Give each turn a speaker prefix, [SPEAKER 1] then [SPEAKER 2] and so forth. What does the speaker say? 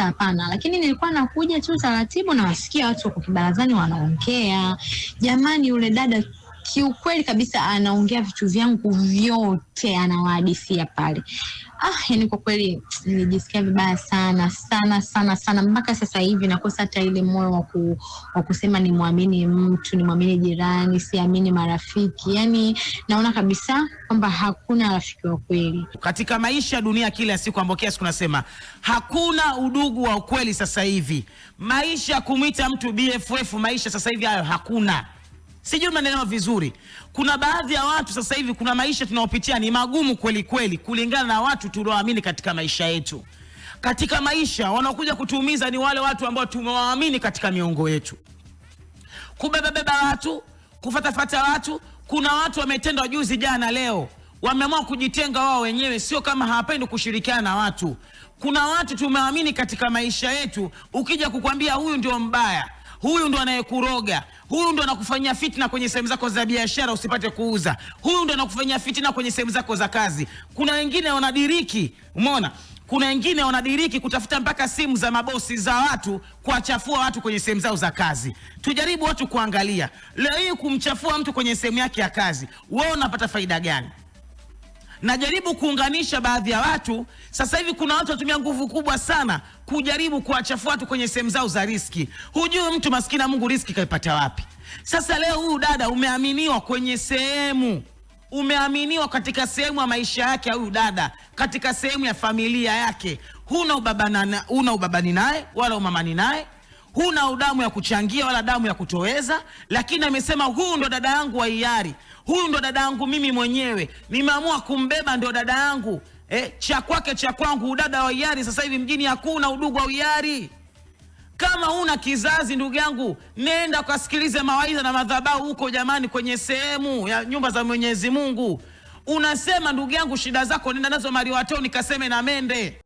[SPEAKER 1] kabisa, hapana. Lakini nilikuwa nakuja tu taratibu, nawasikia watu wako kibarazani wanaongea, jamani, yule dada kiukweli kabisa anaongea vitu vyangu vyote anawahadisia pale. Ah, yani kwa kweli nilijisikia vibaya sana sana sana sana, mpaka sasa hivi nakosa hata ile moyo wa waku, kusema nimwamini mtu, nimwamini jirani, siamini marafiki. Yani naona kabisa kwamba hakuna rafiki wa kweli katika maisha ya dunia. Kila siku ambao kila siku nasema hakuna udugu wa ukweli. Sasa hivi maisha ya kumwita mtu BFF, maisha sasa hivi hayo hakuna. Sijui mnaelewa vizuri. Kuna baadhi ya watu sasa hivi, kuna maisha tunayopitia ni magumu kweli kweli, kulingana na watu tulioamini katika maisha yetu. Katika maisha wanaokuja kutuumiza ni wale watu ambao tumewaamini katika miongo yetu, kubebabeba watu, kufatafata watu. Kuna watu wametendwa juzi, jana, leo, wameamua kujitenga wao wenyewe, sio kama hawapendi kushirikiana na watu. Kuna watu tumewaamini katika maisha yetu, ukija kukwambia huyu ndio mbaya, huyu ndo anayekuroga Huyu ndo anakufanyia fitina kwenye sehemu zako za biashara usipate kuuza. Huyu ndo anakufanyia fitina kwenye sehemu zako za kazi. Kuna wengine wanadiriki, umeona? Kuna wengine wanadiriki kutafuta mpaka simu za mabosi za watu kuwachafua watu kwenye sehemu zao za kazi. Tujaribu watu kuangalia leo hii, kumchafua mtu kwenye sehemu yake ya kazi, wewe unapata faida gani? najaribu kuunganisha baadhi ya watu. Sasa hivi kuna watu watumia nguvu kubwa sana kujaribu kuwachafua watu kwenye sehemu zao za riski. Hujui mtu maskini Mungu riski kaipata wapi? Sasa leo huu dada umeaminiwa kwenye sehemu, umeaminiwa katika sehemu ya maisha yake, huyu dada katika sehemu ya familia yake. Huna ubabani naye wala umamani naye huna damu ya kuchangia wala damu ya kutoweza, lakini amesema huyu ndo dada yangu wa hiari, huyu ndo dada yangu mimi mwenyewe, nimeamua kumbeba, ndo dada yangu eh, cha kwake cha kwangu, udada wa hiari. Sasa hivi mjini hakuna udugu wa hiari. Kama una kizazi, ndugu yangu, nenda ukasikilize mawaidha na madhabahu huko, jamani, kwenye sehemu ya nyumba za Mwenyezi Mungu. Unasema ndugu yangu, shida zako nenda nazo Mariwatoni, kaseme na mende